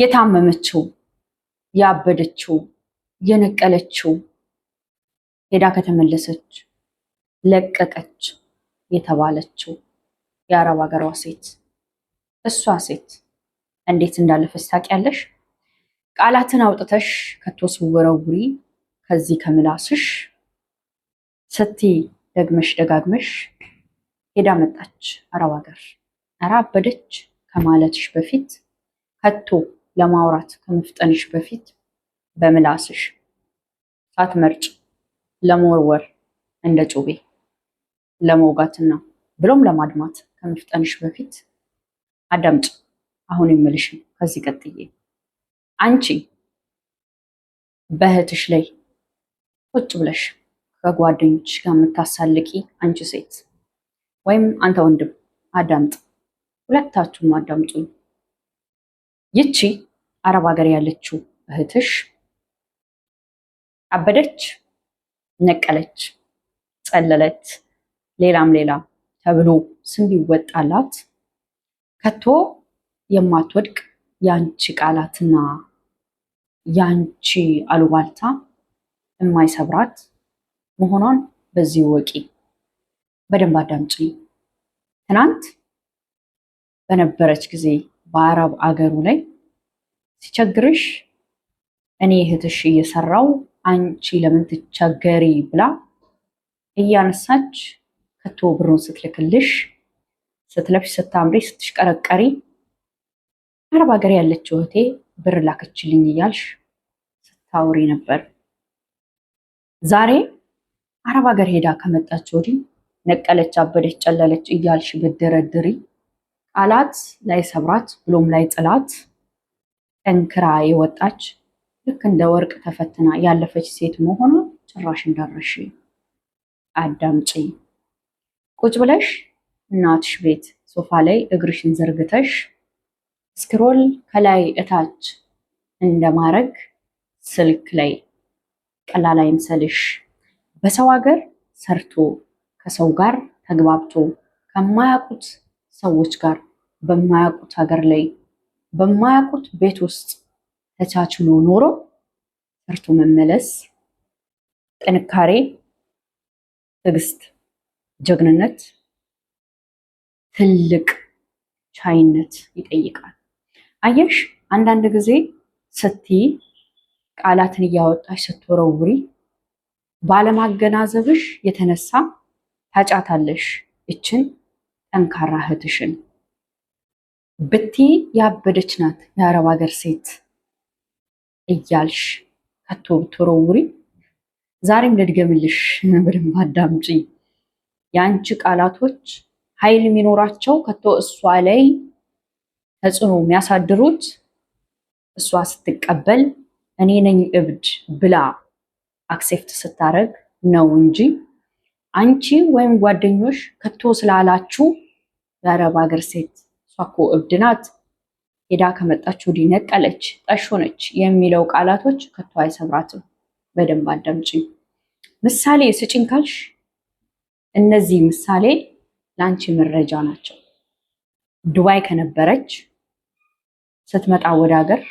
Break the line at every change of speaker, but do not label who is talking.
የታመመችው፣ ያበደችው፣ የነቀለችው ሄዳ ከተመለሰች ለቀቀች የተባለችው የአረብ ሀገሯ ሴት እሷ ሴት እንዴት እንዳለፈች ታውቂያለሽ? ቃላትን አውጥተሽ ከተወስወረውሪ ከዚህ ከምላስሽ ስቲ ደግመሽ ደጋግመሽ ሄዳ መጣች አረብ ሀገር። ኧረ አበደች ከማለትሽ በፊት ከቶ ለማውራት ከመፍጠንሽ በፊት በምላስሽ ሳትመርጭ ለመወርወር እንደ ጩቤ ለመውጋትና ብሎም ለማድማት ከመፍጠንሽ በፊት አዳምጭ። አሁን የምልሽም ከዚህ ቀጥዬ አንቺ በእህትሽ ላይ ቁጭ ብለሽ ከጓደኞች ጋር የምታሳልቂ አንቺ ሴት ወይም አንተ ወንድም አዳምጥ። ሁለታችሁም አዳምጡኝ። ይቺ አረብ ሀገር ያለችው እህትሽ አበደች፣ ነቀለች፣ ጸለለት፣ ሌላም ሌላ ተብሎ ስም ቢወጣላት ከቶ የማትወድቅ የአንቺ ቃላትና የአንቺ አሉባልታ የማይሰብራት መሆኗን በዚህ ወቂ፣ በደንብ አዳምጪ። ትናንት በነበረች ጊዜ በአረብ አገሩ ላይ ሲቸግርሽ እኔ እህትሽ እየሰራው አንቺ ለምን ትቸገሪ ብላ እያነሳች ከቶ ብሩን ስትልክልሽ ስትለብሽ ስታምሪ ስትሽቀረቀሪ አረብ ሀገር ያለችው እህቴ ብር ላከችልኝ እያልሽ ስታውሪ ነበር። ዛሬ አረብ ሀገር ሄዳ ከመጣች ወዲህ ነቀለች፣ አበደች፣ ጨለለች እያልሽ ብደረድሪ ቃላት ላይ ሰብራት ብሎም ላይ ጥላት ጠንክራ የወጣች ልክ እንደ ወርቅ ተፈትና ያለፈች ሴት መሆኗ ጭራሽ እንዳረሽ አዳምጪ። ቁጭ ብለሽ እናትሽ ቤት ሶፋ ላይ እግርሽን ዘርግተሽ ስክሮል ከላይ እታች እንደማረግ ስልክ ላይ ቀላል አይምሰልሽ። በሰው ሀገር ሰርቶ ከሰው ጋር ተግባብቶ ከማያውቁት ሰዎች ጋር በማያውቁት ሀገር ላይ በማያውቁት ቤት ውስጥ ተቻችሎ ኖሮ ሰርቶ መመለስ ጥንካሬ፣ ትዕግስት፣ ጀግንነት፣ ትልቅ ቻይነት ይጠይቃል። አየሽ አንዳንድ ጊዜ ስትይ ቃላትን እያወጣሽ ስትወረውሪ ባለማገናዘብሽ የተነሳ ታጫታለሽ ይችን ጠንካራ እህትሽን ብቲ ያበደች ናት የአረብ ሀገር ሴት እያልሽ ከቶ ብትወረውሪ ዛሬም ልድገምልሽ በደንብ አዳምጪ። የአንቺ ቃላቶች ኃይል የሚኖራቸው ከቶ እሷ ላይ ተጽዕኖ የሚያሳድሩት እሷ ስትቀበል እኔ ነኝ እብድ ብላ አክሴፕት ስታደርግ ነው እንጂ አንቺ ወይም ጓደኞች ከቶ ስላላችሁ የአረብ ሀገር ሴት እሷ እኮ እብድ ናት፣ ሄዳ ከመጣች ወዲህ ነቀለች፣ ጠሽ ሆነች የሚለው ቃላቶች ከቶ አይሰብራትም። በደንብ አዳምጪኝ። ምሳሌ ስጭኝ ካልሽ እነዚህ ምሳሌ ለአንቺ መረጃ ናቸው። ዱባይ ከነበረች ስትመጣ ወደ ሀገር